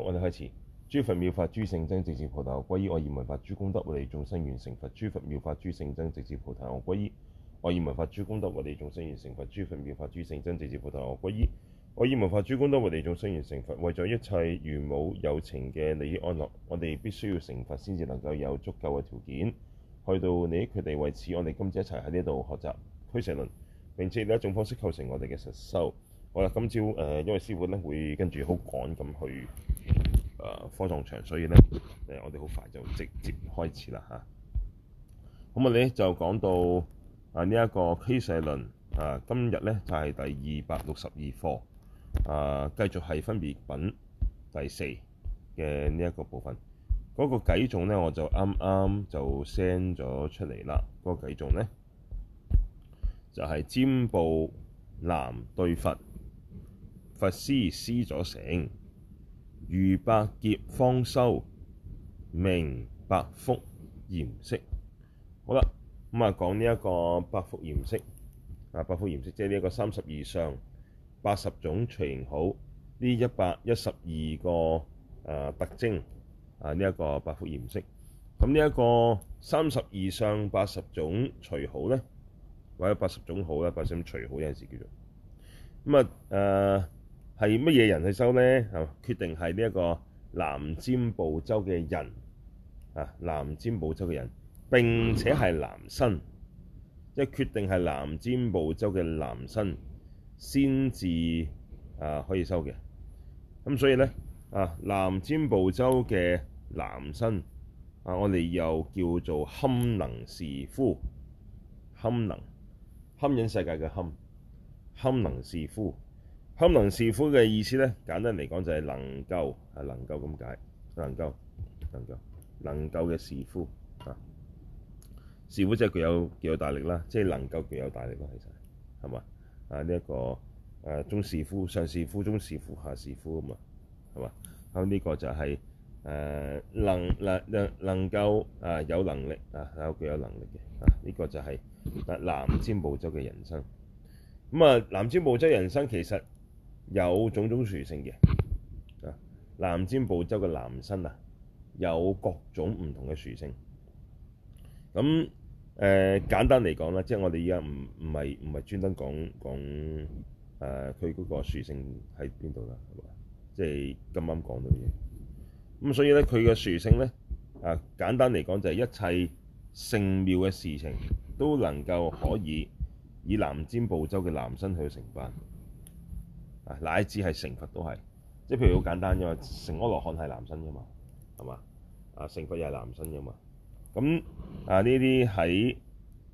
我哋開始，諸佛妙法，諸聖僧直至菩提我歸依；我以文法，諸功德為眾生完成佛；諸佛妙法，諸聖僧直至菩提我歸依；我以文法，諸功德為眾生完成佛；諸佛妙法，諸聖僧直至菩提我歸依；我以文法，諸功德為眾生完成佛。為咗一切如母有情嘅利益安樂，我哋必須要成佛，先至能夠有足夠嘅條件，去到你佢哋為此，我哋今次一齊喺呢度學習俱舍論，並且呢一種方式構成我哋嘅實修。好啦，今朝誒、呃，因為師傅咧會跟住好趕咁去誒、呃、科狀場，所以咧誒、呃、我哋好快就直接開始啦吓，咁、啊、我哋咧就講到啊呢一、這個俱舍論啊，今日咧就係、是、第二百六十二課啊，繼續係分別品第四嘅呢一個部分。嗰、那個偈頌咧，我就啱啱就 send 咗出嚟啦。嗰、那個偈頌咧就係、是、贍部男對佛。佛思思所成，餘百劫方修，各百福嚴飾。好啦，咁啊講呢一個百福嚴飾啊，百福嚴飾即係呢一個三十二相八十種隨好，呢一百一十二個、呃、特徵啊特徵啊呢一個百福嚴飾。咁呢一個三十二相八十種隨好咧，或者八十種好啦，八十種隨好有陣時叫做咁啊誒。係乜嘢人去修呢？啊，決定係呢一個南贍部洲嘅人啊，南贍部洲嘅人並且係男身，即係決定係南贍部洲嘅男身先至啊可以修嘅。咁所以呢，啊，南贍部洲嘅男身啊，我哋又叫做堪能士夫，堪能堪忍世界嘅堪，堪能士夫。堪能士夫嘅意思咧，簡單嚟講就係能夠係能夠咁解，能夠能夠能夠嘅士夫啊，士夫士夫即係具有具有大力啦，即、就、係、是、能夠具有大力咯，其實係嘛啊呢一、這個誒、啊、中士夫上士夫中士夫下士夫嘛啊嘛係嘛咁呢個就係、是、誒、啊、能能能能夠啊有能力啊有佢有能力嘅啊呢、這個就係、是、啊南贍部洲嘅人生咁啊南贍部洲人生其實。有種種殊勝嘅啊，南贍部洲嘅男身啊，有各種唔同嘅殊勝。咁誒、呃、簡單嚟講啦，即係我哋而家唔唔係唔係專登講講誒佢嗰個殊勝喺邊度啦，即係啱啱講到嘅嘢。咁所以咧，佢嘅殊勝咧啊，簡單嚟講就係一切聖妙嘅事情，都能夠可以以南贍部洲嘅男身去承辦。乃至係成佛都係，即係譬如好簡單啫嘛。成阿羅漢係男身啫嘛，係嘛？啊，成佛又係男身啫嘛。咁啊，呢啲喺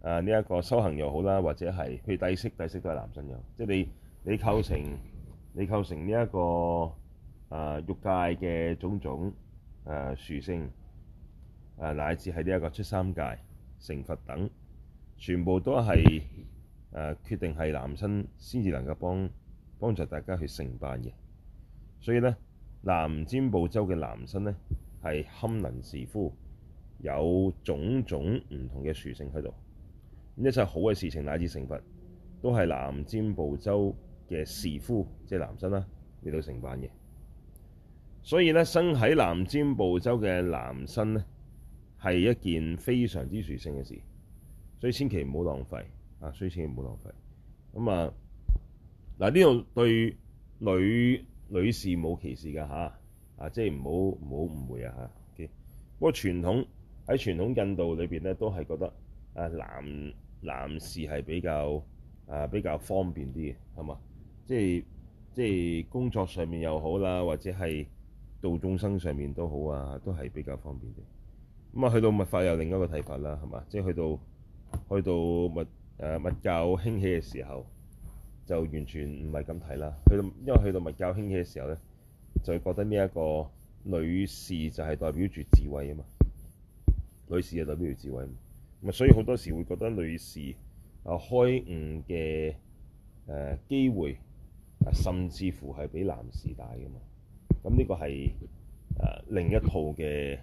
啊呢一個修行又好啦，或者係譬如底沙底沙都係男身嘅，即係你你構成你構成呢、這、一個啊欲界嘅種種誒殊勝誒，乃至係呢一個出三界成佛等，全部都係誒、啊、決定係男身先至能夠幫。幫助大家去承辦嘅，所以咧，南贍部洲嘅男身咧係堪能士夫，有種種唔同嘅殊勝喺度。一切好嘅事情乃至成佛，都係南贍部洲嘅士夫，即係男身啦，嚟到承辦嘅。所以咧，生喺南贍部洲嘅男身咧係一件非常之殊勝嘅事，所以千祈唔好浪費啊！所以千祈唔好浪費。咁啊～嗱，呢度、啊、對女女士冇歧視㗎。嚇、啊，啊，即係唔好唔好誤會啊嚇。OK，不過傳統喺傳統印度裏面咧，都係覺得啊男男士係比較啊比較方便啲嘅，係嘛？即係即係工作上面又好啦，或者係度眾生上面都好啊，都係比較方便啲。咁啊，去到密法有另一個睇法啦，係嘛？即係去到去到密、啊、密教興起嘅時候。就完全唔係咁睇啦。去到因為去到佛教興起嘅時候咧，就會覺得呢一個女士就係代表住智慧啊嘛。女士就代表住智慧，咁啊，所以好多時會覺得女士啊開悟嘅誒機會、啊，甚至乎係比男士大嘅嘛。咁呢個係誒、呃、另一套嘅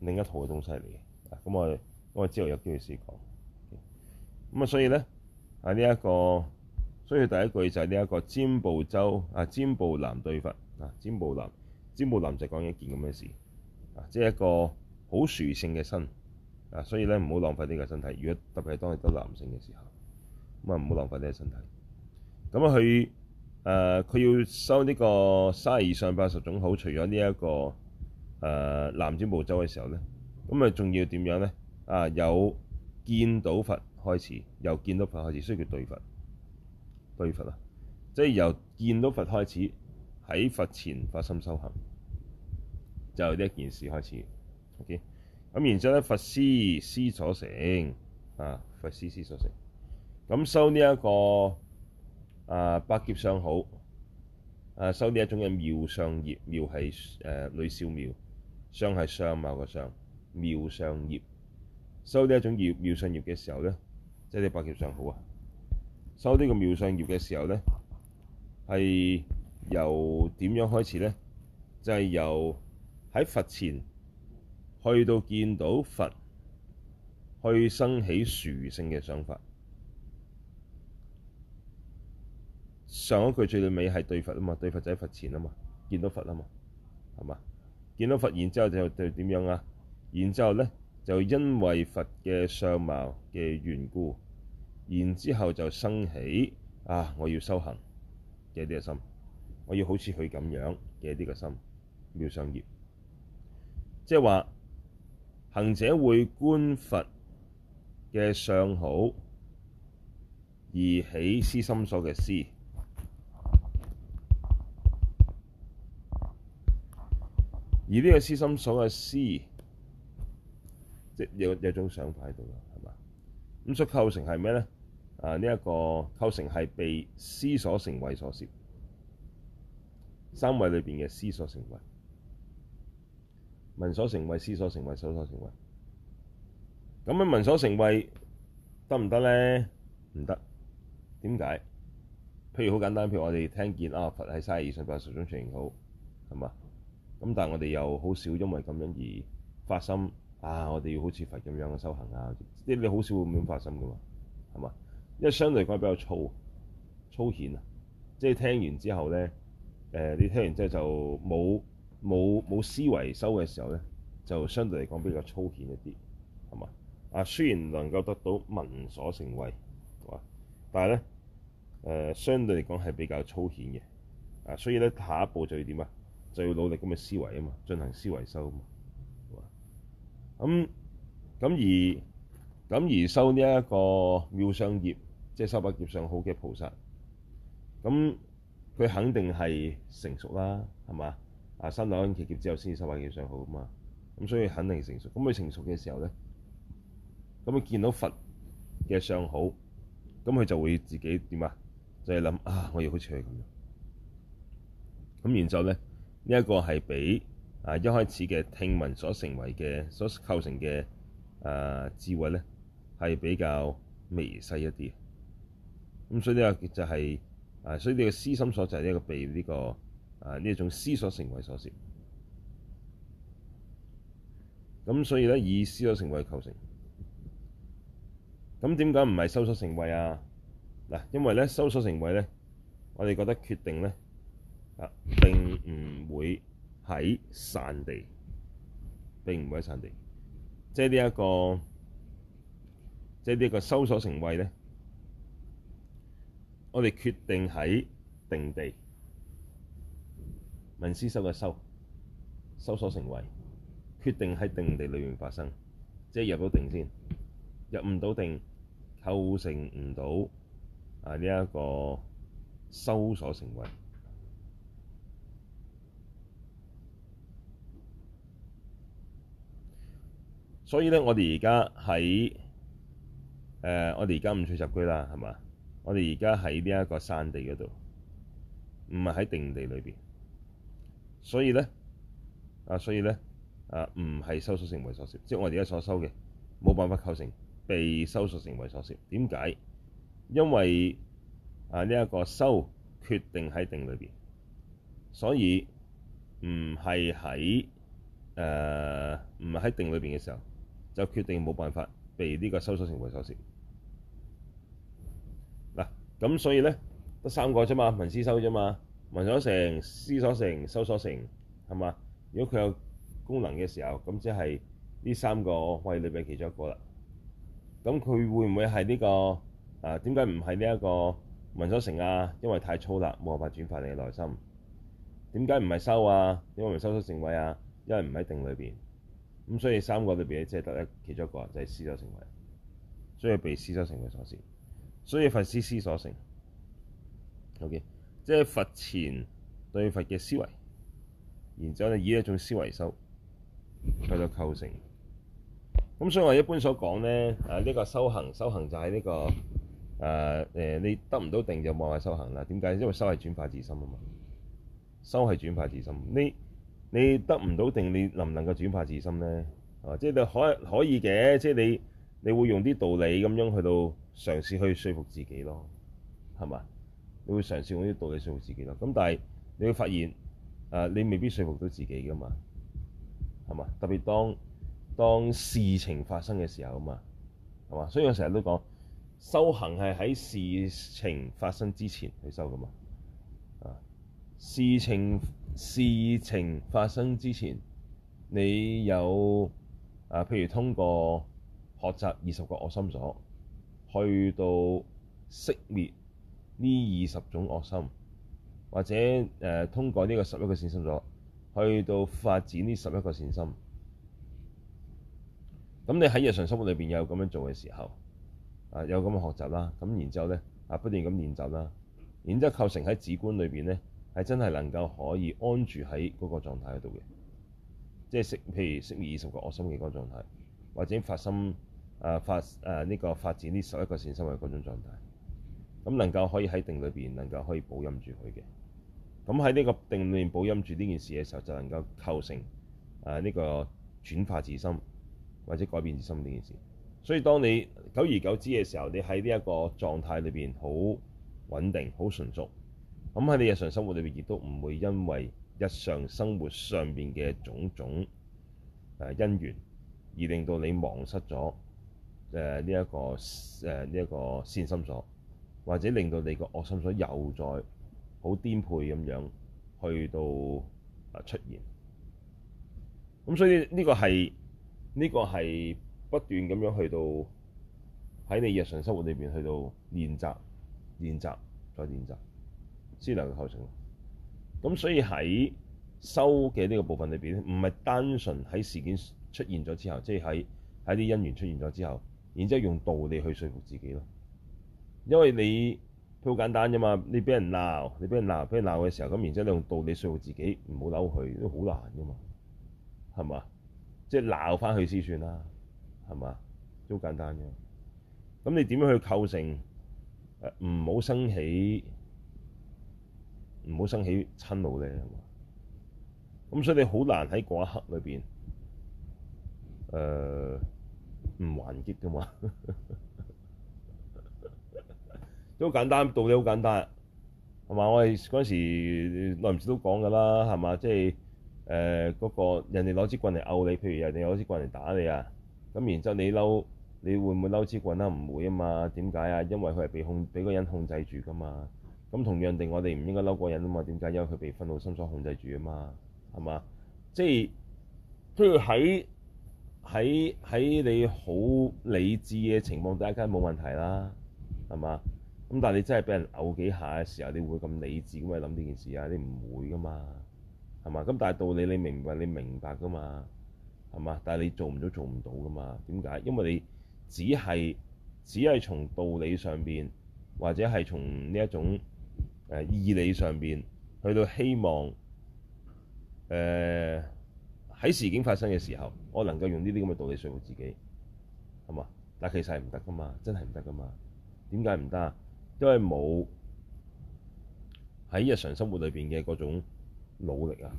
另一套嘅東西嚟嘅。咁我因為之後有機會試講咁啊，所以咧喺呢一個，所以第一句就係呢一個《贍部洲》啊，《贍部男對佛》啊，贍部《贍部男》《贍部男》就講一件咁嘅事啊，即係一個好殊勝嘅身啊，所以咧唔好浪費呢個身體。如果特別係當你得男性嘅時候，咁啊唔好浪費呢個身體。咁啊，佢誒佢要修呢個三十二相、八十種好，除咗呢一個誒、啊、南贍部洲嘅時候咧，咁啊仲要點樣咧？啊，由見到佛開始，由見到佛開始，所以叫對佛。對佛啊，即係由見到佛開始喺佛前發心修行，就呢一件事開始。O K，咁然之後咧，佛思思所成啊，佛思思所成，咁修呢一個啊百劫相好啊，修呢一種嘅妙相業，妙係誒女少妙，相係相貌嘅相，妙相業，修呢一種妙妙相業嘅時候咧，即係百劫相好啊。修呢個妙相業嘅時候咧，係由點樣開始咧？就係、是、由喺佛前去到見到佛，去生起殊勝嘅想法。上一句最尾係對佛啊嘛，對佛就係佛前啊嘛，見到佛啊嘛，係嘛？見到佛然之後就對點樣啊？然之後咧就因為佛嘅相貌嘅緣故，然之後就生起啊！我要修行，這啲嘅心，我要好似佢咁樣，這啲嘅心，妙相業，即係話行者會觀佛嘅相好而起思心所嘅思，而呢個思心所嘅思，即有有一種想法喺度啦，係嘛？咁所以構成係咩咧？啊！呢、這、一個構成係被思所成慧所攝，三慧裏邊嘅思所成慧、聞所成慧、思所成慧、修所成慧。咁樣聞所成慧得唔得咧？唔得。點解？譬如好簡單，譬如我哋聽見啊，佛喺三十二相八十種隨形好係嘛？咁但係我哋又好少因為咁樣而發心啊！我哋要好似佛咁樣嘅修行啊，即係你好少會咁樣發心噶嘛？係嘛？因為相對嚟講比較粗粗淺啊，即係聽完之後咧，誒、呃、你聽完之後就冇冇冇思維修嘅時候咧，就相對嚟講比較粗淺一啲，係嘛？啊，雖然能夠得到聞所成慧，係嘛？但係咧，誒、呃、相對嚟講係比較粗淺嘅，啊，所以咧下一步就要點啊？就要努力咁嘅思維啊嘛，進行思維修啊嘛，係嘛？咁咁而咁而修呢一個妙相業。即係修百劫相好嘅菩薩，咁佢肯定係成熟啦，係嘛？啊，阿僧祇劫之後先至修百劫相好啊嘛。咁所以肯定成熟。咁佢成熟嘅時候咧，咁佢見到佛嘅相好，咁佢就會自己點啊？就係諗啊，我要好似佢咁。咁然之後咧，呢、這、一個係比啊一開始嘅聽聞所成為嘅、所構成嘅啊、呃、智慧咧，係比較微細一啲。咁所以呢個就係、是這個這個，啊，所以呢個思心所就係一個被呢個啊呢一種思所成慧所攝，咁所以咧以思所成慧構成，咁點解唔係修所成慧啊？嗱，因為咧修所成慧咧，我哋覺得決定咧啊，並唔會喺散地，並唔會喺散地，即係呢一個，即係呢個修所成慧咧。我哋決定喺定地，聞思修嘅修，修所成慧，決定喺定地裏面發生，即係入到定先，入唔到定，構成唔到啊呢一、這個修所成慧。所以咧、呃，我哋而家喺誒，我哋而家五趣雜居啦，係嘛？我哋而家喺呢一個散地嗰度，唔係喺定地裏邊，所以咧啊，所以咧啊，唔、呃、係修所成慧所攝，即係我哋而家所修嘅冇辦法構成被修所成慧所攝。點解？因為啊呢一個修決定喺定裏邊，所以唔係喺誒唔係喺定裏邊嘅時候，就決定冇辦法被呢個修所成慧所攝。咁所以咧，得三個啫嘛，聞思修啫嘛，聞所成、思所成、修所成，係嘛？如果佢有功能嘅時候，咁即係呢三個位裏面其中一個啦。咁佢會唔會係呢個？啊，點解唔係呢一個聞所成啊？因為太粗啦，冇辦法轉發你嘅內心。點解唔係修啊？因為唔係修所成位啊，因為唔喺定裏面。咁所以三個裏面，即係得一其中一個，就係思所成位，所以被思所成位所攝。所以佛師思思所成，好嘅，即係佛前對佛嘅思維，然之後以一種思維修去到構成。咁所以我一般所講咧，啊呢、這個修行，修行就喺呢、這個誒誒呢得唔到定就冇話修行啦。點解？因為修係轉化自心啊嘛，修係轉化自心。你你得唔到定，你能唔能夠轉化自心咧？啊，即係可可以嘅，即係你你會用啲道理咁樣去到。嘗試去說服自己咯，係嘛？你會嘗試用啲道理說服自己咯。咁但係你會發現，誒你未必說服到自己噶嘛，係嘛？特別當當事情發生嘅時候啊嘛，係嘛？所以我成日都講修行係喺事情發生之前去修噶嘛。啊，事情事情發生之前，你有啊，譬如通過學習二十個我心所。去到熄滅呢二十種惡心，或者誒、呃、通過呢個十一個善心咗，去到發展呢十一個善心。咁你喺日常生活裏邊有咁樣做嘅時候，啊有咁嘅學習啦，咁然之後咧啊，不斷咁練習啦，然之後構成喺止觀裏邊咧係真係能夠可以安住喺嗰個狀態度嘅，即係熄譬如熄滅二十個惡心嘅嗰個狀態，或者發生。誒發誒呢個發展呢十一個線心為嗰種狀態，咁能夠可以喺定裏面能夠可以保音住佢嘅，咁喺呢個定裏面保音住呢件事嘅時候，就能夠構成誒呢、啊這個轉化自心或者改變自心呢件事。所以當你久而久之嘅時候，你喺呢一個狀態裏面好穩定、好純熟，咁喺你日常生活裏面，亦都唔會因為日常生活上面嘅種種誒、啊、因緣而令到你忘失咗。誒呢一個誒呢一個善心所，或者令到你個惡心所又再好顛沛咁樣去到啊出現，咁所以呢個係呢個係不斷咁樣去到喺你日常生活裏面去到練習練習再練習先能夠構成。咁所以喺修嘅呢個部分裏面，咧，唔係單純喺事件出現咗之後，即係喺喺啲因緣出現咗之後，然之後用道理去說服自己咯，因為你好簡單啫嘛，你俾人鬧，你俾人鬧，俾人鬧嘅時候，咁然之後你用道理說服自己唔好嬲佢，都好難啫嘛，係嘛？即係鬧翻佢先算啦，係嘛？都好簡單嘅。咁你點樣去構成唔好、呃、生起唔好生起嗔怒咧？係嘛？咁所以你好難喺嗰一刻裏邊誒。呃唔還擊嘅嘛， 都好簡單，道理好簡單，係嘛？我哋嗰陣時耐唔少都講嘅啦，係嘛？即係誒嗰個人哋攞支棍嚟毆你，譬如人哋攞支棍嚟打你啊，咁然之後你嬲，你會唔會嬲支棍啊？唔會啊嘛？點解啊？因為佢係被控，俾個人控制住嘅嘛。咁同樣地，我哋唔應該嬲嗰個人啊嘛？點解？因為佢被憤怒心所控制住啊嘛，係嘛？即係都要喺。喺喺你好理智嘅情況底下，梗係冇問題啦，係嘛？咁但係你真係俾人毆幾下嘅時候，你會咁理智咁去諗呢件事啊？你唔會噶嘛，係嘛？咁但係道理你明白，你明白噶嘛，係嘛？但係你做唔到，做唔到噶嘛？點解？因為你只係只係從道理上邊，或者係從呢一種誒義、呃、理上邊去到希望誒。呃喺事件發生嘅時候，我能夠用呢啲咁嘅道理説服自己，係嘛？但其實係唔得㗎嘛，真係唔得㗎嘛。點解唔得啊？因為冇喺日常生活裏邊嘅嗰種努力啊。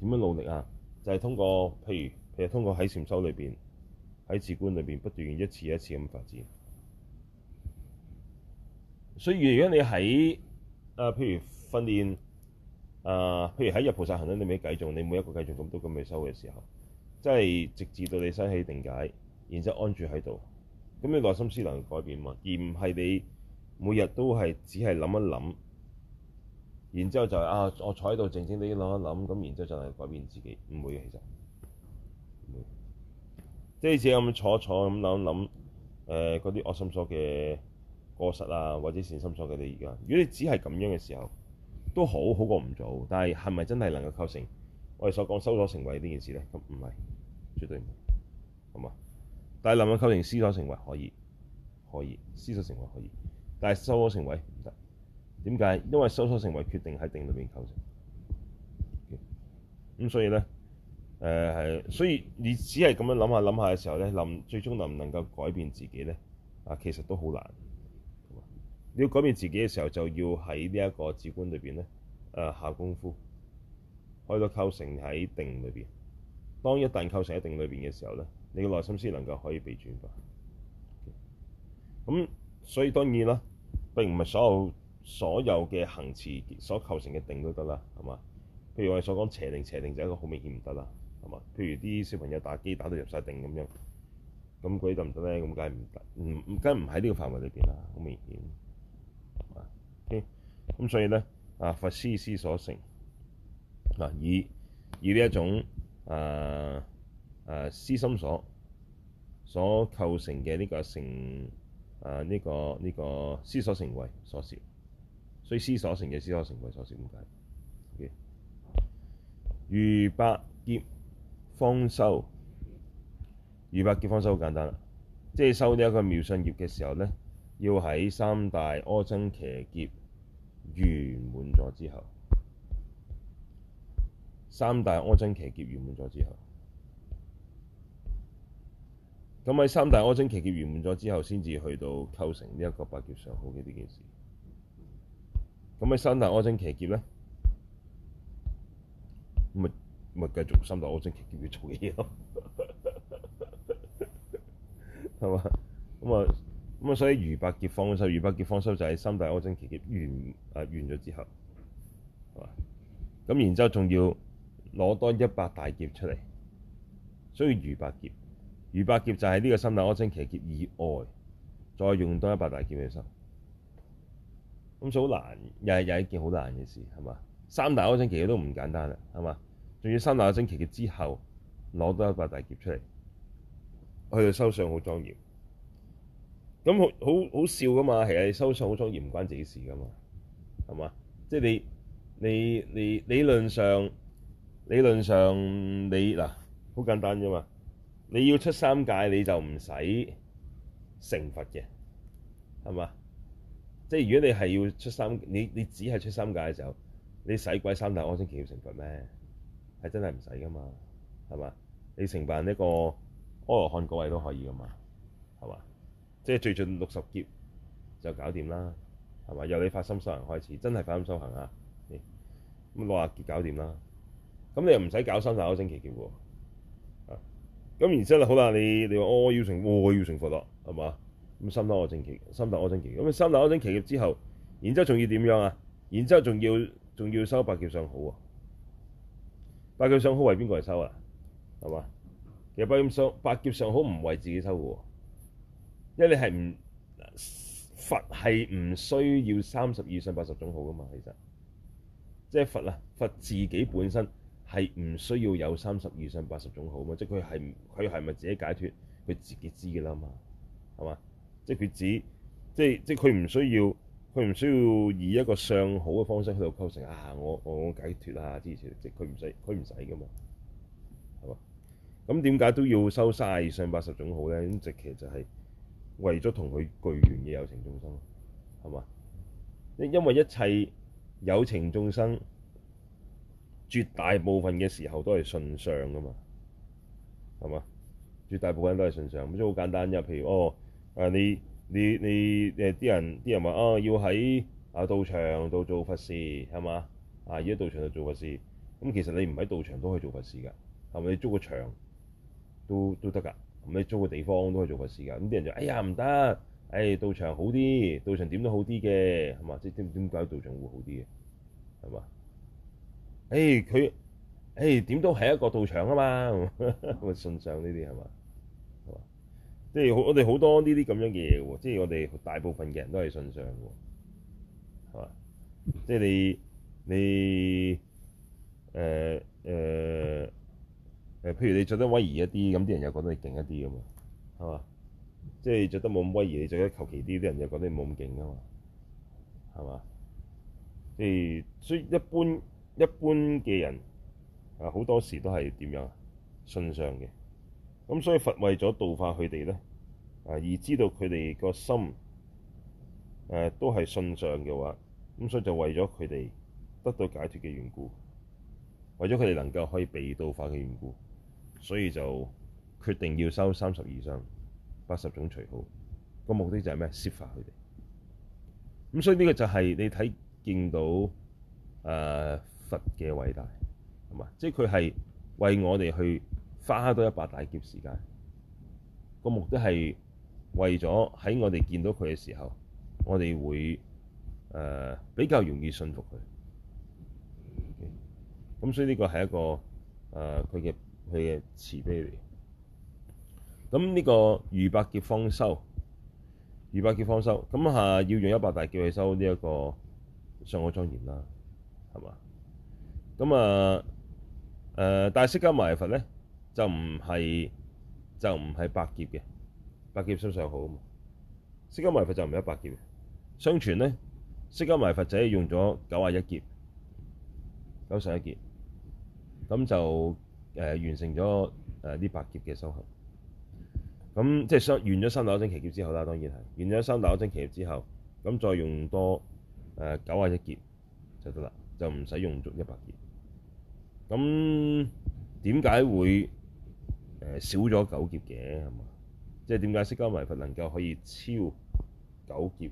點樣努力啊？就係、是、通過，譬如，譬如通過喺禪修裏邊，喺自觀裏邊不斷一次一次咁發展。所以如果你喺啊、呃，譬如訓練。啊！譬如喺日菩薩行咧，你未計中，你每一個計中咁多咁嘅修嘅時候，即係直至到你生起定解，然之後安住喺度，咁你內心思能改變嘛？而唔係你每日都係只係諗一諗，然之後就係、是、啊，我坐喺度靜靜地諗一諗，咁然之後就係改變自己，唔會嘅，其實唔會，即係自己咁坐一坐咁諗一諗誒嗰啲惡心所嘅過失啊，或者善心所嘅你而家。如果你只係咁樣嘅時候，都好好過唔做，但係係咪真係能夠構成我哋所講修所成慧呢件事咧？咁唔係，絕對唔係啊，但係能夠構成思所成慧可以，可以思所成慧可以，但係修所成慧唔得。點解？因為修所成慧決定喺定裏邊構成。咁所以咧，誒、呃、係，所以你只係咁樣諗下諗下嘅時候咧，諗最終能唔能夠改變自己咧？啊，其實都好難。你要改變自己嘅時候，就要喺呢一個止觀裏邊咧，誒、呃、下功夫，開到構成喺定裏邊。當一旦構成喺定裏邊嘅時候咧，你嘅內心先能夠可以被轉化。咁、okay. 所以當然啦，並唔係所有所有嘅行詞所構成嘅定都得啦，係嘛？譬如我哋所講邪定，邪定，邪定就一個好明顯唔得啦，係嘛？譬如啲小朋友打機打到入晒定咁樣，咁鬼得唔得咧？咁梗係唔得，唔梗係唔喺呢個範圍裏邊啦，好明顯。咁、okay, 所以咧，啊，佛思思所成，啊，以以呢一種啊啊思心所所構成嘅呢個成啊呢、這個呢、這個思所成為所攝，所以思所成嘅思所成為所攝咁解。餘百、okay, 劫方修，餘百劫方修好簡單啦，即係修呢一個妙相業嘅時候咧，要喺三大阿僧祇劫。圓滿咗之後，三大阿僧祇劫圓滿咗之後，咁喺三大阿僧祇劫圓滿咗之後，先至去到構成呢一個百劫上好嘅呢件事。咁喺三大阿僧祇劫咧，咁啊，咪繼續三大阿僧祇劫去做嘢咯，係 嘛？咁啊～咁啊，後後所以如百劫方修，如百劫方修就喺三大安身期劫完啊完咗之後係嘛？咁然之後仲要攞多一百大劫出嚟，所以如百劫，如百劫就喺呢個三大安身期劫以外，就是、再用多一百大劫去收咁所好難，又係又係一件好難嘅事，係嘛？三大安身期都唔簡單啦，係嘛？仲要三大安身期劫之後攞多一百大劫出嚟，佢哋收上好莊嚴。咁好好好笑噶嘛？其實你收數好容易，唔關自己事噶嘛，係嘛？即係你你你理論上理論上你嗱好、啊、簡單啫嘛。你要出三界，你就唔使成佛嘅，係嘛？即係如果你係要出三，你你只係出三界嘅時候，你使鬼三大安先企業阿僧祇劫成佛咩？係真係唔使噶嘛，係嘛？你承辦呢個阿羅漢各位都可以噶嘛，係嘛？即係最近六十劫就搞掂啦，係嘛？由你發心修行開始，真係發心修行你啊！咁六十劫搞掂啦，咁你又唔使搞三大阿僧祇劫喎。咁然之後好啦，你你話、哦、我要成、哦，我要成佛咯，係嘛？咁三大阿僧祇，三大阿僧祇，咁三大阿僧祇劫之後，然之後仲要點樣啊？然之後仲要仲要修百劫上好喎。百劫上好為邊個嚟修啊？係嘛？其實百劫上百劫上好唔，啊、為自己修喎。因為你係唔佛係唔需要三十二相八十種好噶嘛。其實即係佛啊，佛自己本身係唔需要有三十二相八十種好嘛。即係佢係佢係咪自己解脱？佢自己知噶啦嘛，係嘛？即係佢只即係即係佢唔需要佢唔需要以一個相好嘅方式去到構成啊。我我解脱啊！之前即佢唔使佢唔使噶嘛，係嘛？咁點解都要收三十二相八十種好咧？咁直其實係、就是。為咗同佢具緣嘅有情眾生，係嘛？因因為一切有情眾生，絕大部分嘅時候都係信上噶嘛，係嘛？絕大部分都係信上，咁所以好簡單嘅，譬如哦，誒你你你誒啲人啲人話啊、哦，要喺啊道場度做佛事係嘛？啊，要喺道場度做佛事，咁其實你唔喺道場都可以做佛事㗎，係咪？你租個場都都得㗎。咁你租個地方都可以做個事㗎，咁啲人就說，哎呀唔得，誒、哎、道場好啲，道場點都好啲嘅，係嘛？即點點解道場會好啲嘅？係嘛？誒佢誒點都係一個道場啊嘛，信上呢啲係嘛？係嘛？即係好，我哋好多呢啲咁樣嘅嘢喎，即係我哋大部分嘅人都係信上嘅，係嘛？即係你你誒誒。呃呃譬如你着得威儀一啲，咁啲人又覺得你勁一啲噶嘛，係嘛？即係着得冇咁威儀，你着得求其啲，啲人又覺得你冇咁勁噶嘛，係嘛？即係所以一般一般嘅人，啊好多時都係點樣啊？信相嘅，咁所以佛為咗度化佢哋咧，啊而知道佢哋個心，誒都係信相嘅話，咁所以就為咗佢哋得到解脱嘅緣故，為咗佢哋能夠可以被度化嘅緣故。所以就決定要修三十二相八十種好個目的就係咩？説法佢哋咁，所以呢個就係你睇見到誒、呃、佛嘅偉大係嘛？即係佢係為我哋去花多一百大劫時間個目的係為咗喺我哋見到佢嘅時候，我哋會誒、呃、比較容易信服佢。咁所以呢個係一個誒佢嘅。呃佢嘅慈悲嚟，咁呢個餘百劫方修，餘百劫方修。咁啊要用一百大劫去修呢一個相好莊嚴啦，係嘛？咁啊，啊但係釋迦埋佛咧就唔係就唔係百劫嘅，百劫修相好啊嘛。釋迦埋佛就唔係一百劫，相傳咧釋迦埋佛仔用咗九十一劫，九十一劫。咁就。誒、呃、完成咗誒啲百劫嘅修行，咁、嗯、即係完咗三大阿僧祇劫之後啦，當然係完咗三大阿僧祇劫之後，咁、嗯、再用多誒、呃、九十一劫就得啦，就唔使用足一百劫。咁點解會誒、呃、少咗九劫嘅係嘛？即係點解釋迦牟尼佛能夠可以超九劫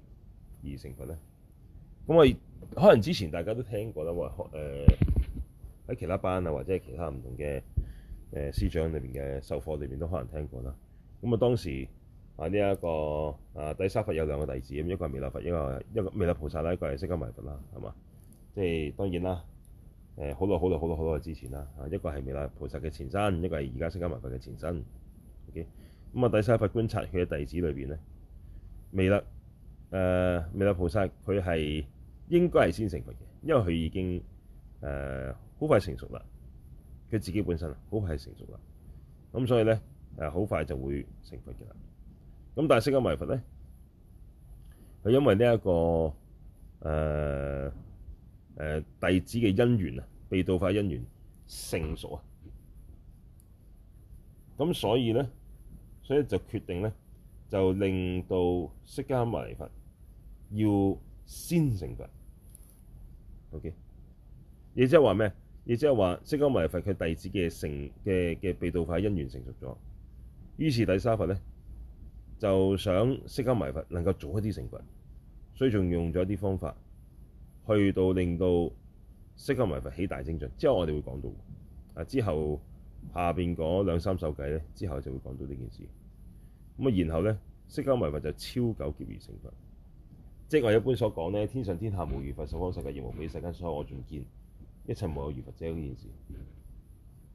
而成佛咧？咁我，可能之前大家都聽過啦，話誒喺其他班啊，或者係其他唔同嘅。誒師長裏邊嘅授課裏邊都可能聽過啦。咁啊當時喺呢一個啊底沙佛有兩個弟子，咁一個係彌勒佛，一個係一個彌勒菩薩啦，一個係釋迦牟尼佛啦，係嘛？即係當然啦。誒好耐好耐好耐好耐之前啦，啊一個係彌勒菩薩嘅前身，一個係而家釋迦牟尼佛嘅前身。O、okay? K、啊。咁啊底沙佛觀察佢嘅弟子裏邊咧，彌勒誒彌、呃、勒菩薩佢係應該係先成佛嘅，因為佢已經誒好、呃、快成熟啦。佢自己本身啊，好係成熟啦，咁所以咧，誒好快就會成佛嘅啦。咁但係釋迦牟尼佛咧，佢因為呢、這、一個誒誒、呃、弟子嘅因緣啊，被度化因緣成熟啊，咁 所以咧，所以就決定咧，就令到釋迦牟尼佛要先成佛。O. K. 亦即係話咩？亦即係話，釋迦牟尼佛佢弟子嘅成嘅嘅被度化因緣成熟咗，於是底沙佛咧就想釋迦牟尼佛能夠早一啲成佛，所以仲用咗一啲方法去到令到釋迦牟尼佛起大精進，之後我哋會講到。啊，之後下邊嗰兩三首偈咧，之後就會講到呢件事。咁啊，然後咧，釋迦牟尼佛就超九劫而成佛，即係我一般所講咧，天上天下無如佛，十方世界亦無比，世間所有我盡見。一切冇有如佛者呢件事，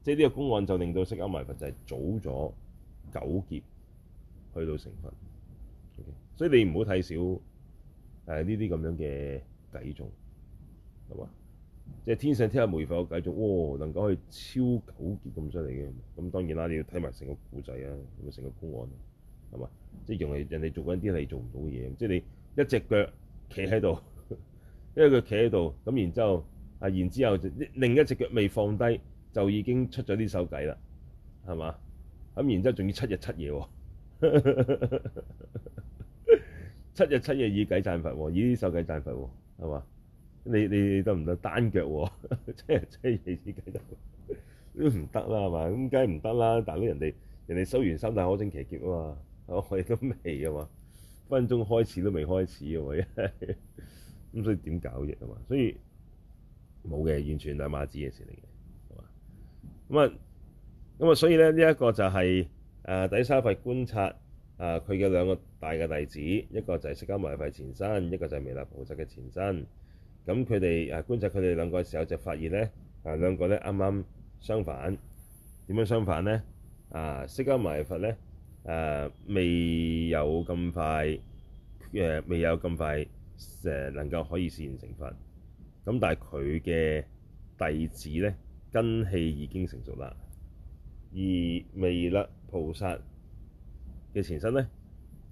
即係呢個公案就令到釋迦牟尼佛就係、是、早咗九劫去到成佛，所以你唔好睇少誒呢啲咁樣嘅偈頌，係嘛？即係天上天下無如佛嘅偈頌，哦，能夠去超九劫咁犀利嘅。咁當然啦，你要睇埋成個古仔啊，成個公案係嘛？即係容易人哋做緊啲係做唔到嘢，即係你一隻腳企喺度，因為佢企喺度，咁然之後。啊，然之後就另一隻腳未放低，就已經出咗啲手計啦，係嘛？咁然之後仲要七日七夜、哦、 七日七夜以偈讚佛喎，以手偈讚佛喎，係嘛？你你得唔得單腳喎、哦？七日七夜以偈讚佛都唔得啦，係嘛？咁梗係唔得啦，但係人哋人哋修完三大阿僧祇劫啊嘛，我哋都未啊嘛，分鐘開始都未開始啊咁， 所以點搞嘢啊嘛？所以。冇嘅，完全兩碼子嘅事嚟嘅，係嘛？咁啊，咁啊，所以咧呢一個就係、是、誒、呃、底沙佛觀察誒佢嘅兩個大嘅弟子，一個就係釋迦牟尼佛前身，一個就係彌勒菩薩嘅前身。咁佢哋誒觀察佢哋兩個嘅時候，就發現咧誒、呃、兩個咧啱啱相反。點樣相反咧？啊、呃，釋迦牟尼佛咧誒、呃、未有咁快誒、呃、未有咁快誒、呃、能夠可以示現成佛。咁但係佢嘅弟子咧根器已經成熟啦，而彌勒菩薩嘅前身咧，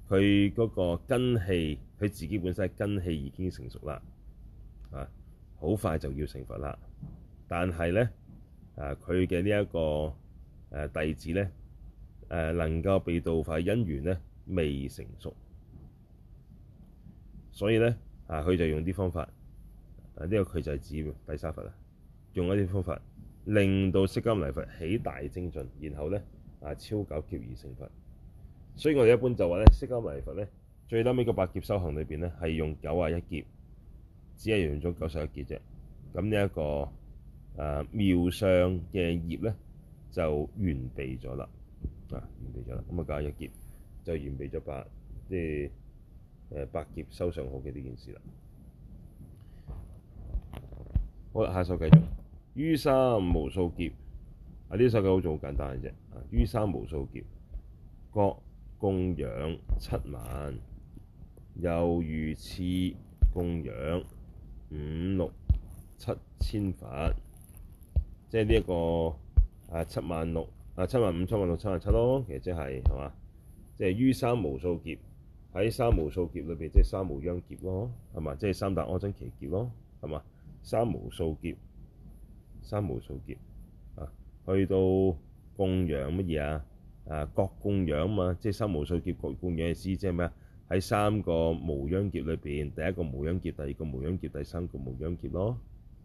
佢嗰個根器，佢自己本身根器已經成熟啦，啊，好快就要成佛啦。但係咧，佢嘅呢一個弟子咧，能夠被度化因緣咧未成熟，所以咧啊，佢就用啲方法。呢個佢就係指底沙佛啦，用一啲方法令到釋迦牟尼佛起大精進，然後咧啊超九劫而成佛。所以我哋一般就話咧，釋迦牟尼佛咧最後尾個百劫修行裏邊咧係用九啊一劫，只係用咗九十一劫啫。咁呢一個誒妙相嘅業咧就完備咗啦，啊完備咗啦，咁啊九十一劫就完備咗百，即係誒百劫修相好嘅呢件事啦。好，下一首繼續於三無數劫啊！呢啲數好做，好簡單嘅啫。於三無數劫各供養七萬，又如次供養五六七千佛，即係呢一個啊七萬六啊七萬五、七萬六、七萬七咯。其實即係係嘛，即係於三無數劫喺三無數劫裏邊，即係三無央劫咯，係嘛？即係三大阿僧祇劫咯，係嘛？三無數劫，三無數劫啊！去到供養乜嘢啊？啊，各供養嘛，即係三無數劫各供養嘅意思，即係咩啊？喺三個無央劫裏邊，第一個無央劫，第二個無央劫，第三個無央劫咯，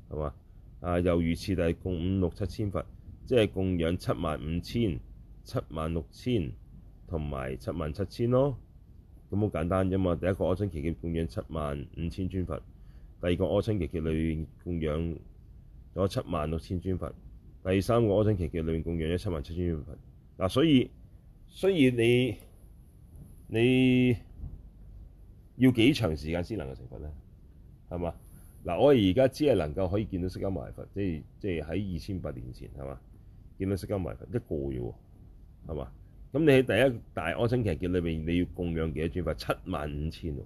係嘛？啊，又如次第供五六七千佛，即係供養七萬五千、七萬六千同埋七萬七千咯。咁好簡單啫嘛！第一個阿僧祇劫供養七萬五千尊佛。第二個阿僧祇嘅裏面供養咗七萬六千尊佛，第三個阿僧祇嘅裏面供養咗七萬七千尊佛。嗱、啊，所以雖然你你要幾長時間先能夠成佛咧？係嘛？嗱、啊，我而家只係能夠可以見到釋迦牟尼佛，即係即係喺二千八年前係嘛？見到釋迦牟尼佛一個啫喎，係嘛？咁你喺第一大阿僧祇嘅裏面，你要供養幾多尊佛？七萬五千。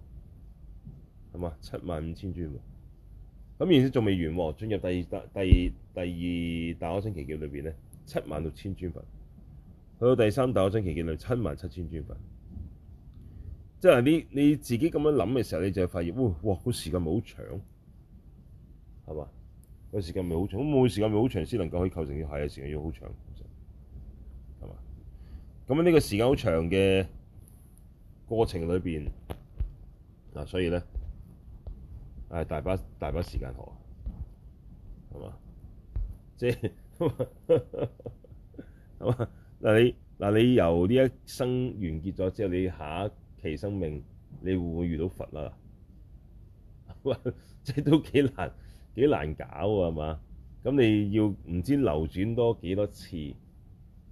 係嘛？七萬五千尊喎，咁然之後仲未完，進入第二大第第二大阿僧祇劫裏面咧，七萬六千尊佛，去到第三大阿僧祇劫裏面，七萬七千尊佛。即係你你自己咁樣諗嘅時候，你就發現，哇！哇時時時時個時間咪好長係嘛？個時間咪好長，咁冇時間咪好長，先能夠可以構成要下嘅時間要好長，係嘛？咁喺呢個時間好長嘅過程裏邊嗱，所以咧。大把大把時間學，係嘛？即係係嘛？嗱 你嗱你由呢一生完結咗之後，你下一期生命，你會唔會遇到佛啊？即係、就是、都幾難幾難搞喎，係嘛？咁你要唔知流轉多幾多次，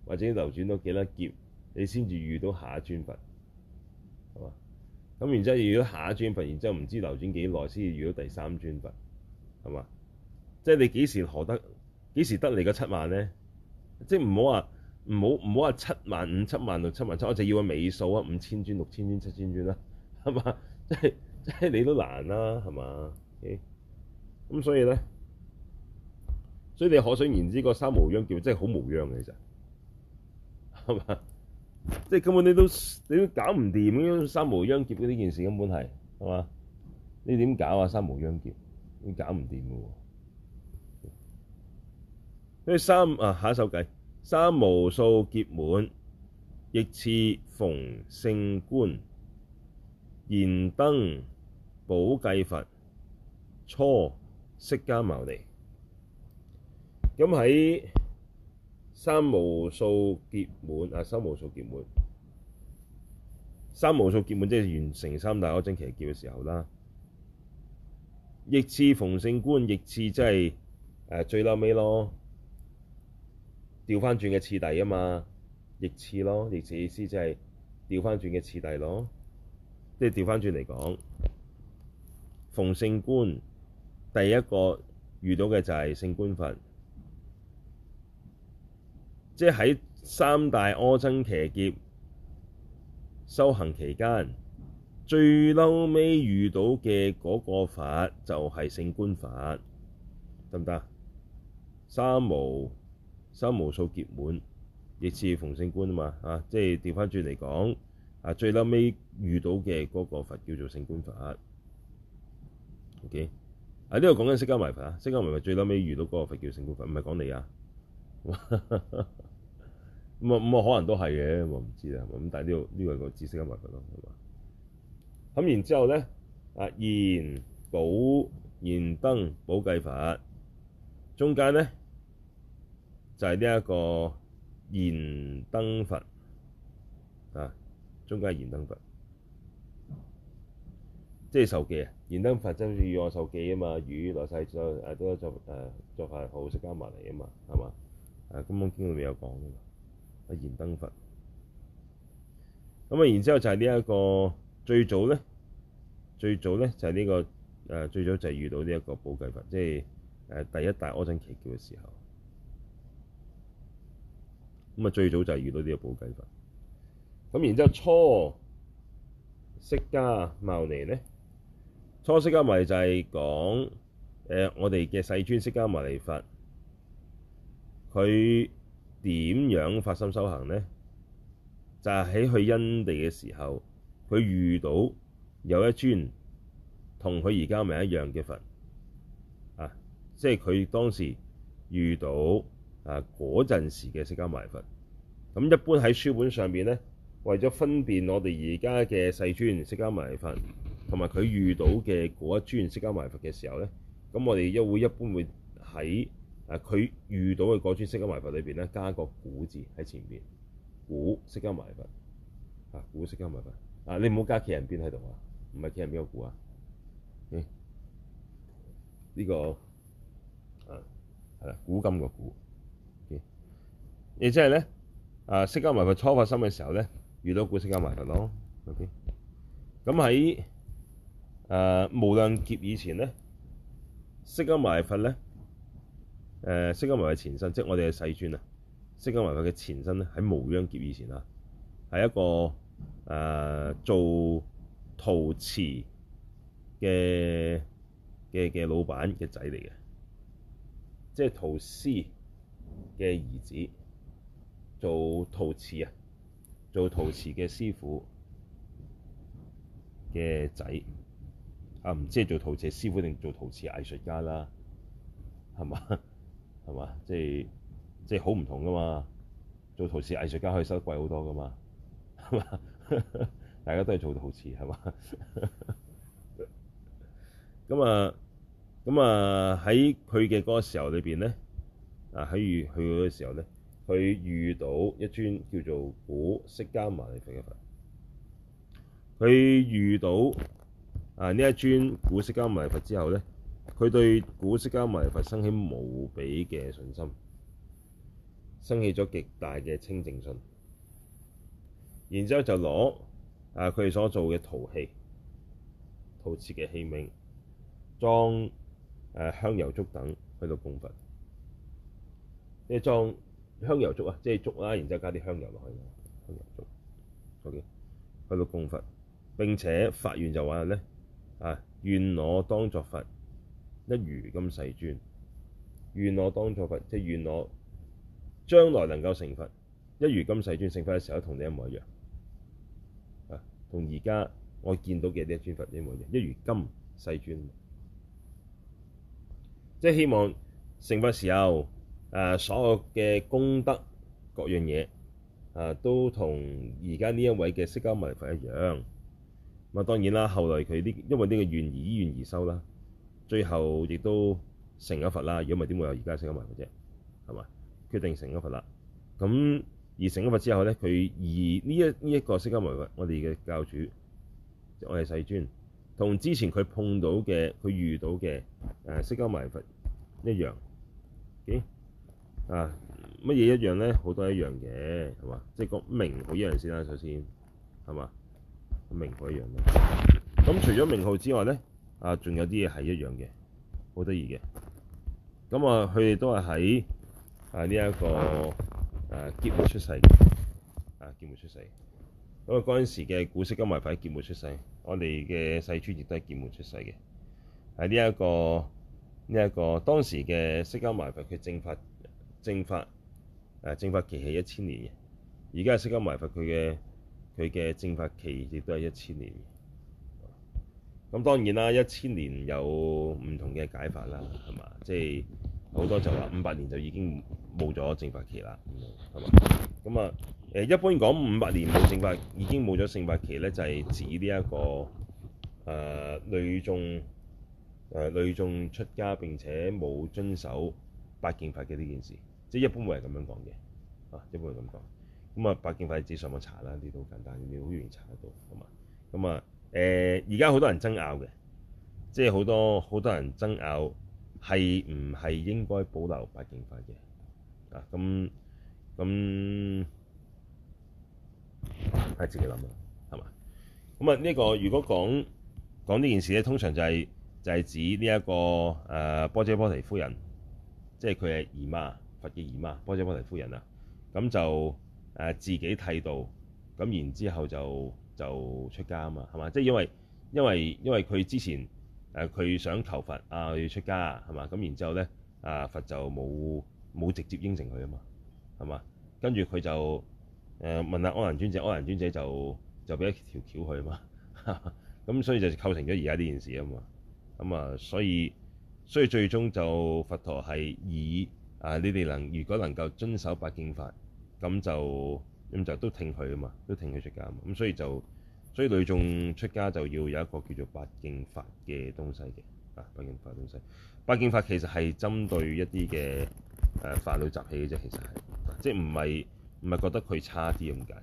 或者流轉多幾多劫，你先至遇到下一尊佛。咁然之後，遇到下一尊佛，然之後唔知流轉幾耐先至遇到第三尊佛，係嘛？即係你幾時何得幾時得嚟個七萬咧？即係唔好話唔好唔好話七萬五、七萬六、七萬七，我就要個尾數啊！五千尊、六千尊、七千尊啦，係嘛？即係即係你都難啦，係嘛？咁、okay? 所以咧，所以你可想而知個三無央叫即係好無央嘅其實係嘛？即係根本你都你都搞唔掂嘅三無央劫呢件事根本係，係嘛？你點搞啊？三無央劫你搞唔掂嘅。所以三啊，下一首偈：三無數劫滿，逆次逢勝觀，燃燈寶髻佛，初釋迦牟尼。咁喺。三無數劫滿啊，三無數劫滿，三無數劫滿即係完成三大阿僧祇劫嘅時候啦。逆次逢勝觀，逆次即係最，最後尾咯，調翻轉嘅次第啊嘛，逆次咯，逆次意思即係調翻轉嘅次第咯，即係調翻轉嚟講，逢勝觀，第一個遇到嘅就係勝觀佛。即喺三大阿僧祇劫修行期間，最嬲尾遇到嘅嗰個佛就係勝觀佛，得唔得？三無三無數劫滿，逆次逢勝觀啊嘛嚇！即係調翻轉嚟講，啊最嬲尾遇到嘅嗰個佛叫做勝觀佛。OK，喺呢度講緊釋迦牟尼佛啊，釋迦牟尼佛最嬲尾遇到嗰個佛叫勝觀佛，唔係講你啊。咁啊，咁啊、 嗯嗯嗯嗯，可能都係嘅，我、嗯、唔知啦。咁、嗯、但係、呢、呢個呢、呢個係知識加嘛？咁然之後咧，啊，燃補燃燈寶髻佛，中間咧就係呢一個燃燈佛啊，中間係燃燈佛，即係受記，真係受記啊！燃燈佛即係要我受記啊嘛，與落世做都做作佛好食加埋嚟啊嘛，係嘛？誒《金剛經》裏面有講嘅嘛，阿燃燈佛。咁啊，然之後就係呢一個最早咧，最早咧就係呢個誒最早就係、這個呃、遇到呢一個寶髻佛，即係誒第一大阿僧祇劫嘅時候。咁啊，最早就係遇到呢個寶髻佛。咁然之後初釋迦牟尼咧，初釋迦牟尼就係講誒、呃、我哋嘅世尊釋迦牟尼佛。佢點樣發心修行呢？就係、是、喺去因地嘅時候，佢遇到有一尊同佢而家咪一樣嘅佛啊，即係佢當時遇到啊嗰陣時嘅釋迦埋佛。咁一般喺書本上邊呢，為咗分辨我哋而家嘅世尊釋迦埋佛，同埋佢遇到嘅嗰一尊釋迦埋佛嘅時候呢，咁我哋一會一般會喺。誒佢、啊、遇到嘅嗰尊釋迦埋佛裏邊咧，加個古字喺前面，古，古釋迦埋佛啊，古釋迦埋佛啊，你唔好加企人邊喺度啊，唔係企人邊個古啊？嗯，呢個啊係啦，古今個古。你即係咧啊，釋迦、啊、埋佛初發生嘅時候咧，遇到古釋迦埋佛咯。O.K. 咁喺無量劫以前咧，釋迦埋佛咧。誒，釋迦文佛嘅前身，即係我哋嘅世尊啊。釋迦文佛佢嘅前身咧，喺無央劫以前啊，係一個誒、呃、做陶瓷嘅嘅嘅老闆嘅仔嚟嘅，即係陶師嘅兒子做陶瓷啊，做陶瓷嘅師傅嘅仔啊，唔知係做陶瓷師傅定做陶瓷藝術家啦，係嘛？係嘛？即係，即係好唔同噶嘛？做陶瓷藝術家可以收得貴好多噶嘛？係嘛？ 大家都係做陶瓷係嘛？咁 啊咁啊喺佢嘅嗰個時候裏邊咧，啊喺遇去嗰個時候咧，佢遇到一尊叫做古釋迦牟尼佛嘅佛，佢遇到啊呢一尊古釋迦牟尼佛之後咧。佢對古釋迦牟尼佛升起無比嘅信心，升起咗極大嘅清淨信。然之後就攞佢哋所做嘅陶器、陶瓷嘅器皿裝誒香油粥等去到供佛，即係裝香油粥啊，即係粥啦，然之後加啲香油落去香油粥。OK，去，去到供佛，並且發願就話咧啊，願我當作佛。一如今世尊，願我當作佛，即係願我將來能夠成佛，一如今世尊成佛嘅時候，同你一模一樣，啊，同而家我見到嘅啲尊佛一模一樣，一如今世尊，即係希望成佛嘅時候，誒、啊，所有嘅功德各樣嘢啊，都同而家呢一位嘅釋迦牟尼佛一樣。咁啊，當然啦，後來佢啲因為呢個願而依願而修啦。最後亦都成咗佛啦，如果唔係點會有而家色迦埋佛釋迦牟尼佛啫，係嘛？決定成咗佛啦。咁而成咗佛之後咧，佢而呢一呢一個釋迦牟尼佛，我哋嘅教主，我係世尊，同之前佢碰到嘅、佢遇到嘅誒、啊、釋迦牟尼佛一樣。咦？啊，乜嘢一樣咧？好多一樣嘅，係嘛？即係個名號一樣先啦、啊，首先係嘛？名號一樣，咁除咗名號之外咧？啊，仲有啲嘢係一樣嘅，好得意嘅。咁啊，佢哋都係喺啊呢一個誒劫末出世，啊劫末出世。咁啊，嗰陣時嘅古釋迦牟尼佛喺劫末出世，我哋嘅世尊亦都係劫末出世嘅。喺呢一個呢一個當時嘅釋迦牟尼佛，佢正法正法誒正法期係一千年，而家釋迦牟尼佛佢嘅佢嘅正法期亦都係一千年。咁當然啦，一千年有唔同嘅解法啦，係嘛？即係好多就話五百年就已經冇咗正法期啦，係嘛？咁啊，誒一般講五百年冇正法已經冇咗正法期咧，就係指呢一個誒女眾誒女眾出家並且冇遵守八敬法嘅呢件事，即係一般會係咁樣講嘅。啊，一般會咁講。咁啊，八敬法你自己上網查啦，呢啲好簡單，你好容易查得到，係嘛？咁啊。誒而家好多人爭拗嘅，即係好多好多人爭拗係唔係應該保留八敬法嘅？啊，咁咁係自己諗啦，係嘛？咁啊呢個如果講講呢件事咧，通常就係、是、就係、是、指呢、這、一個誒、呃、波闍波提夫人，即係佢係姨媽，佛嘅姨媽，波闍波提夫人啊，咁就誒、呃、自己剃度，咁然之後就。就出家啊嘛，係嘛？即係因為因為因為佢之前誒佢、呃、想求佛啊，要出家啊，係嘛？咁然之後咧啊，佛就冇冇直接應承佢啊嘛，係嘛？跟住佢就誒、呃、問,問阿難尊者，阿難尊者就就俾一條橋佢啊嘛，咁所以就構成咗而家呢件事啊嘛，咁啊所以所以最終就佛陀係以啊你哋能如果能夠遵守八敬法，咁就。咁就都聽佢啊嘛，都聽佢出家啊嘛。咁所以就，所以女眾出家就要有一個叫做八敬法嘅東西嘅啊。八敬法嘅東西，八敬法其實係針對一啲嘅誒煩惱習氣嘅啫。其實係、啊、即唔係唔係覺得佢差啲咁解，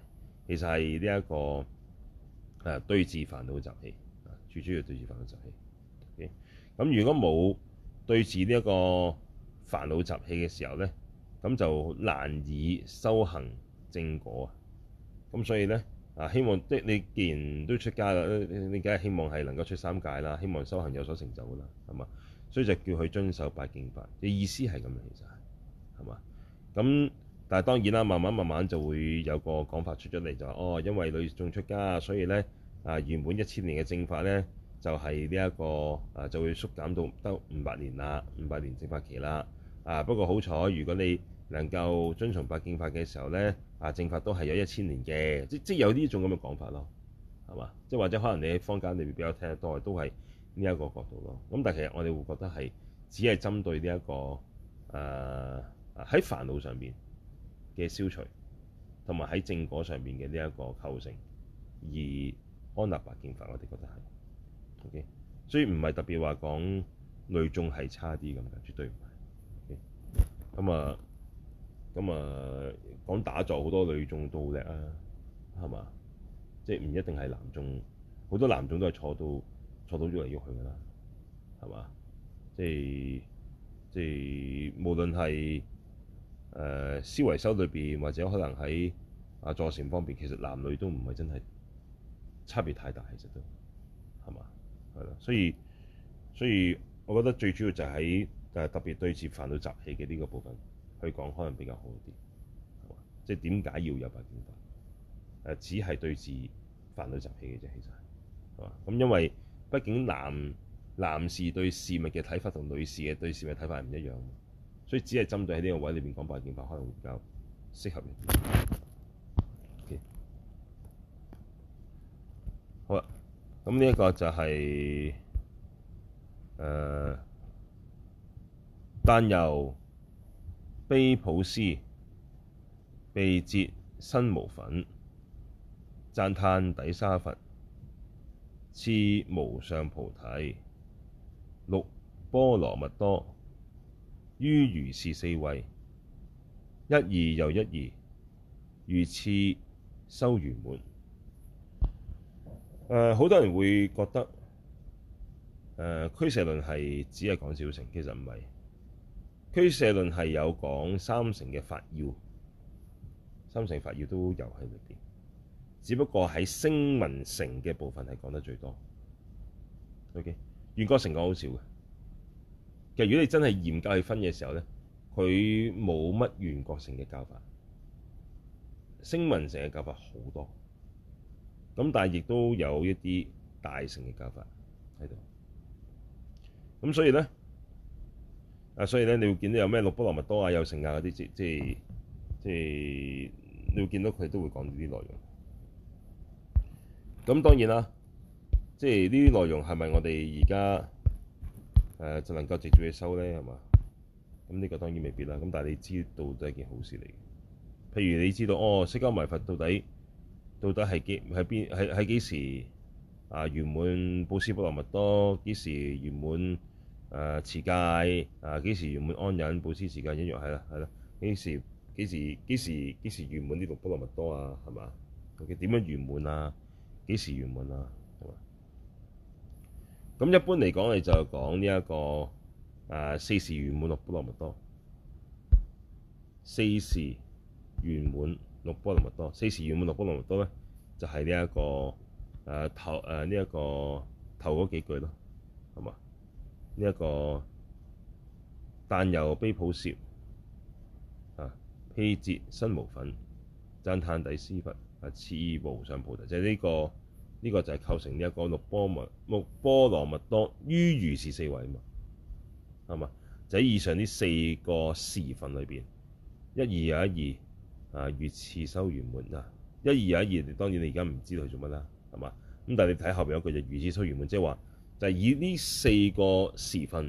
其實係呢一個誒、啊、對治煩惱習氣啊，最主要對治煩惱習氣。咁、okay? 如果冇對治呢一個煩惱習氣嘅時候咧，咁就難以修行。正果啊！咁所以呢，啊，希望即係你既然都出家啦，你梗係希望係能夠出三界啦，希望修行有所成就啦，係嘛？所以就叫佢遵守八敬法嘅意思係咁樣，其實係係嘛？咁但係當然啦，慢慢慢慢就會有個講法出咗嚟，就話哦，因為你仲出家，所以呢，啊，原本一千年嘅正法呢，就係呢一個啊，就會縮減到得五百年啦，五百年正法期啦啊！不過好彩，如果你能夠遵從八敬法嘅時候咧，啊，正法都係有一千年嘅，即即有呢種咁嘅講法咯，係嘛？即或者可能你喺坊間裏邊比較聽得多，都係呢一個角度咯。咁但係其實我哋會覺得係只係針對呢、這、一個誒喺、呃、煩惱上邊嘅消除，同埋喺正果上邊嘅呢一個構成而安立八敬法。我哋覺得係 OK，所以唔係特別話講類眾係差啲咁嘅，絕對唔係。咁、okay? 啊～咁啊、嗯，講打坐好多女眾都好叻啊，係嘛？即係唔一定係男眾，好多男眾都係坐到坐到喐嚟喐去噶啦，係嘛？即係即係無論係誒、呃、思維修裏邊，或者可能喺啊坐禪方面，其實男女都唔係真係差別太大，其實都係嘛？係啦，所以所以我覺得最主要就喺誒特別對治煩惱雜氣嘅呢個部分。佢講可能比較好啲，即係點解要有八敬法？誒、呃，只係對治犯罪習氣嘅啫，其實係，係嘛？咁因為畢竟男男士對事物嘅睇法同女士嘅對事物睇法唔一樣，所以只係針對喺呢個位裏邊講八敬法可能會比較適合一啲。Okay. 好啦，咁呢一個就係、是、誒、呃、但由。悲普施被析身無忿；讚歎底沙佛，次無上菩提。六波羅蜜多，於如是四位，一二又一二，如次修圓滿。誒、呃，好多人會覺得誒，俱舍論係只係講小乘，其實唔係。俱舍論係有講三乘嘅法要，三乘法要都有喺裏邊，只不過喺聲聞乘嘅部分係講得最多。OK，緣覺乘講好少嘅，其實如果你真係嚴格去分嘅時候咧，佢冇乜緣覺乘嘅教法，聲聞乘嘅教法好多，咁但係亦都有一啲大乘嘅教法喺度，咁所以咧。啊，所以咧，你會見到有咩六波羅蜜多啊、有成啊嗰啲，即即即係你會見到佢都會講呢啲內容。咁當然啦，即係呢啲內容係咪我哋而家誒就能夠直接去收咧？係嘛？咁呢個當然未必啦。咁但係你知道都係一件好事嚟。譬如你知道哦，釋迦牟尼佛到底到底係幾係邊係係幾時啊？圓滿布施波羅蜜多幾時圓滿？誒持戒，誒幾、呃呃、時圓滿安忍，保持時間一樣係啦，係啦。幾時幾時幾時幾時圓滿呢？六波羅蜜多啊，係嘛？O.K. 點樣圓滿啊？幾時圓滿啊？咁一般嚟講，你就講呢一個、呃、四時圓滿六波羅蜜多。四時圓滿六波羅蜜多，四時圓滿六波羅蜜多咧，就係呢一個誒頭誒呢一個頭嗰幾句咯，係嘛？呢一，這個但由悲普施啊，披節身無忿，讚嘆底沙佛啊，次無上菩提，就係呢個呢，這個就係構成呢一個六波蜜六波羅蜜多於如是四位啊嘛，係嘛？就喺，是，以上呢四個時份裏面，一二又一二啊，如次修圓滿啊，一二又一二，你當然你而家唔知道做乜啦，係嘛？咁但你睇後面有句就如次修圓滿，即係話。就以呢四個時分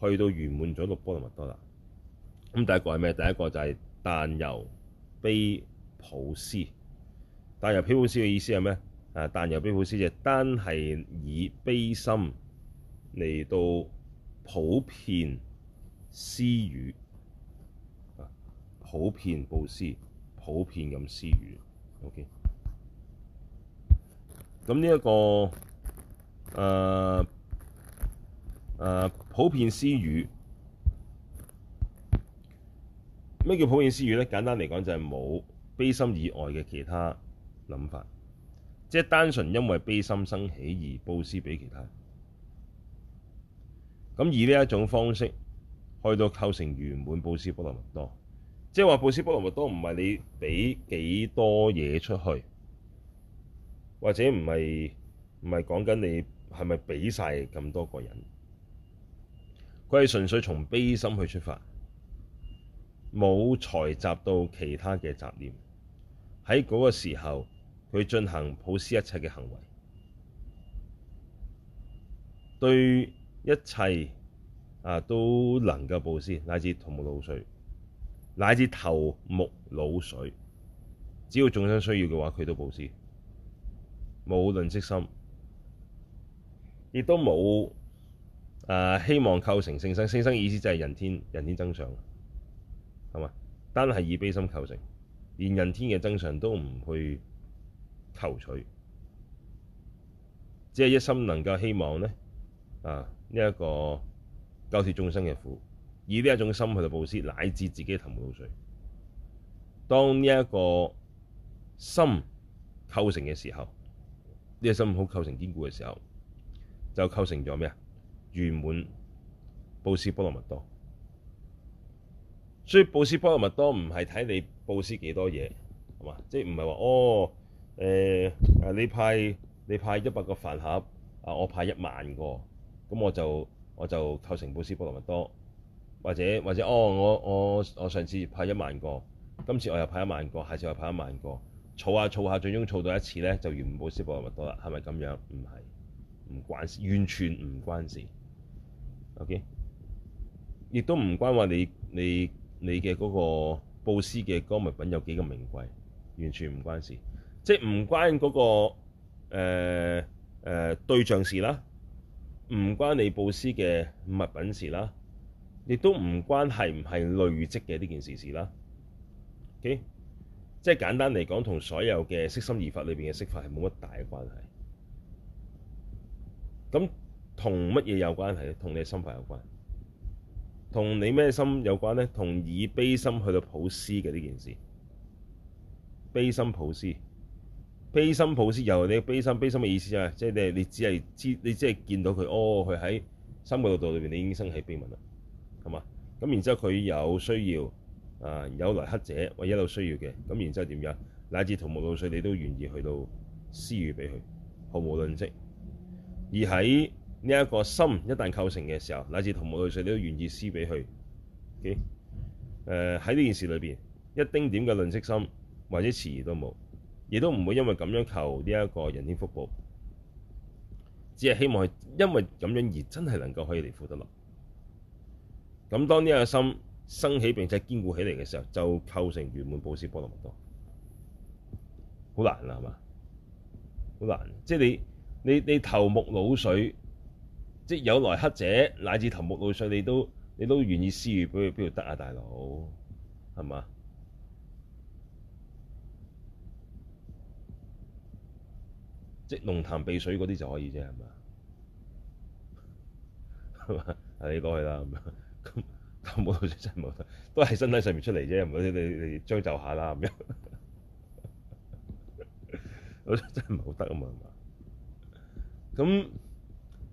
去到圓滿咗六波羅蜜多啦。咁第一個係咩？第一個就係但由悲普施。但由悲普施嘅意思係咩？啊，但由悲普施就單係以悲心嚟到普遍施予，啊，普遍布施，普遍咁施予。O.K. 咁呢一個。啊啊、普遍施與，咩叫普遍施與呢？簡單嚟講就係冇悲心以外嘅其他諗法，即係單純因為悲心生起而佈施畀其他人。咁以呢一種方式，可以到構成圓滿佈施波羅蜜多。即係話佈施波羅蜜多唔係你畀幾多嘢出去，或者唔係唔係講緊你。係咪畀晒咁多個人？佢係純粹從悲心去出發，冇採集到其他嘅雜念。喺嗰個時候，佢進行普施一切嘅行為，對一切啊都能夠佈施，乃至頭目腦髓，乃至頭目腦髓。只要眾生需要嘅話，佢都佈施，冇吝惜心。亦都冇誒希望構成勝生。勝生意思就係人天人天增上，係嘛？單係以悲心構成，連人天嘅增上都唔去求取，只係一心能夠希望呢啊呢一，這個救脫眾生嘅苦，以呢一種心去到佈施，乃至自己頭目腦髓。當呢一個心構成嘅時候，呢、這個心好構成堅固嘅時候。就構成咗咩啊？圓滿布施波羅蜜多。所以布施波羅蜜多唔係睇你布施幾多嘢，係嘛？即係唔係話哦，誒、欸、誒，你派你派一百個飯盒，啊我派一萬個，咁我就我就構成布施波羅蜜多。或者或者哦，我我我上次派一萬個，今次我又派一萬個，下次我又派一萬個，儲下儲下，最終儲到一次咧就圓滿布施波羅蜜多啦。係咪咁樣？唔係。唔關事，完全唔關事。OK，亦都唔關話你你你嘅嗰個布施嘅嗰個物品有幾咁名貴，完全唔關事。即係唔關嗰個誒誒對象事啦，唔關你布施嘅物品事啦，亦都唔關係唔係累積嘅呢件事事啦。OK，即係簡單嚟講，同所有嘅色心二法裏邊嘅色法係冇乜大關係。咁同乜嘢有關係咧？同你嘅心法有關，同你咩心有關咧？同以悲心去到普施嘅呢件事，悲心普施，悲心普施又係你悲心，悲心嘅意思啊、就係，即係你你只係知，你即係見到佢，哦，佢喺三個度道裏面，你已經生起悲憫啦，係嘛？咁然之後佢有需要，啊，有來乞者或一路需要嘅，咁然之後點樣？乃至頭目腦髓，你都願意去到施與俾佢，毫無吝惜。而喺呢一個心一旦構成嘅時候，乃至頭目腦髓，你都願意施俾佢。誒喺呢件事裏邊，一丁點嘅吝惜心或者遲疑都冇，亦都唔會因為咁樣求呢一個人天福報，只係希望係因為咁樣而真係能夠可以離苦得樂。咁當呢一個心升起並且堅固起嚟嘅時候，就構成圓滿布施波羅蜜多。好難啦，係嘛？好難，即係你。你你頭目腦髓，即有來黑者乃至頭目腦髓，你都你都願意施予畀佢，邊度得啊？大佬，係嘛？即龍潭避水嗰啲就可以啫，係嘛？係嘛？你過去啦咁樣，咁頭目腦髓真係冇得，都係身體上面出嚟啫，唔好你你將就下啦咁樣，嗰種真係冇得啊嘛。是咁、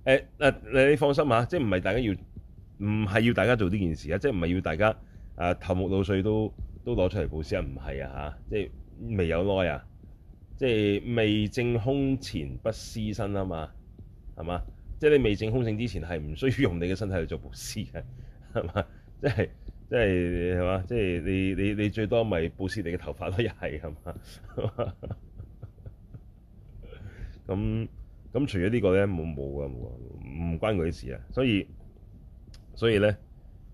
欸啊、你，你放心嚇，即係唔係大家要，唔係要大家做呢件事啊？即唔係要大家誒、啊、頭目腦髓都都攞出嚟布施啊？唔係啊嚇，即未有耐啊，即未，即未正胸前不施身啊嘛，係嘛？即你未正空性之前係唔需要用你嘅身體去做布施嘅，係嘛？即係即係係嘛？即你你你最多咪布施你嘅頭髮都又係，係嘛？咁。是 咁除咗呢、這個咧，冇冇啊，冇啊，唔關佢事啊，所以所以咧，誒、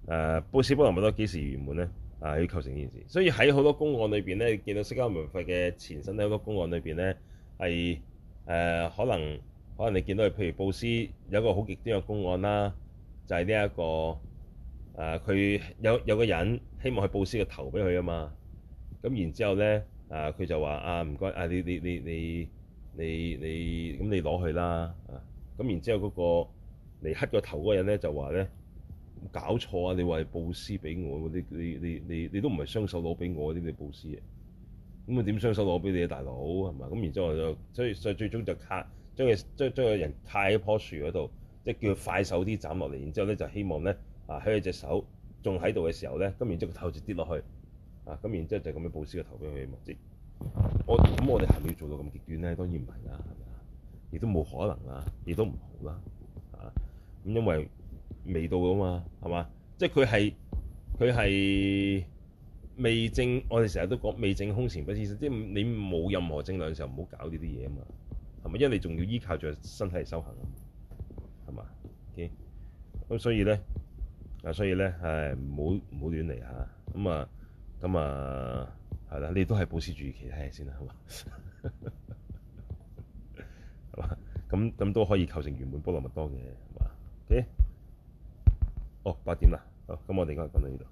呃、布施波羅蜜多幾時圓滿咧？啊、呃，要構成件事，所以喺好多公案裏邊咧，你見到釋迦文佛嘅前身咧，好多公案裏邊咧係誒可能可能你見到佢，譬如布施有一個好極端嘅公案啦，就係呢一個誒，佢、呃、有有個人希望去布施嘅頭俾佢啊嘛，咁然之後咧，誒、呃、佢就話啊唔該啊你你你你。你你你你咁你攞去啦啊！咁然之後嗰個嚟黑個頭嗰人咧，就話咧搞錯啊！你話布施俾我，你你你你你都唔係雙手攞俾我啲布施啊！咁啊點雙手攞俾你啊大佬，係嘛？咁然之後就所以所以，所以最終就 cut 將佢個人太喺樖樹嗰度，即係叫佢快手啲斬落嚟。然之後咧就希望咧啊喺佢隻手仲喺度嘅時候咧，咁然之後個頭就跌落去啊！咁然之後就咁樣布施個頭俾佢我咁我哋係咪要做到咁極端咧？當然唔係啦，係咪啊？亦都冇可能啦，亦都唔好啦，嚇、啊、咁因為未到啊嘛，係嘛？即係佢係佢係未證，我哋成日都講未證空前不設身，即係你冇任何證量嘅時候，唔好搞呢啲嘢啊嘛，係咪？因為你仲要依靠著身體嚟修行啊嘛，係嘛？OK，咁所以咧啊，所以咧，係唔好唔好亂嚟吓，咁啊咁啊。係啦，你都係保持住其他嘢先啦，係嘛？係嘛？ 咁咁都可以構成圓滿波羅蜜多嘅，係嘛？OK，哦，八點啦，好，咁我哋而家講到呢度。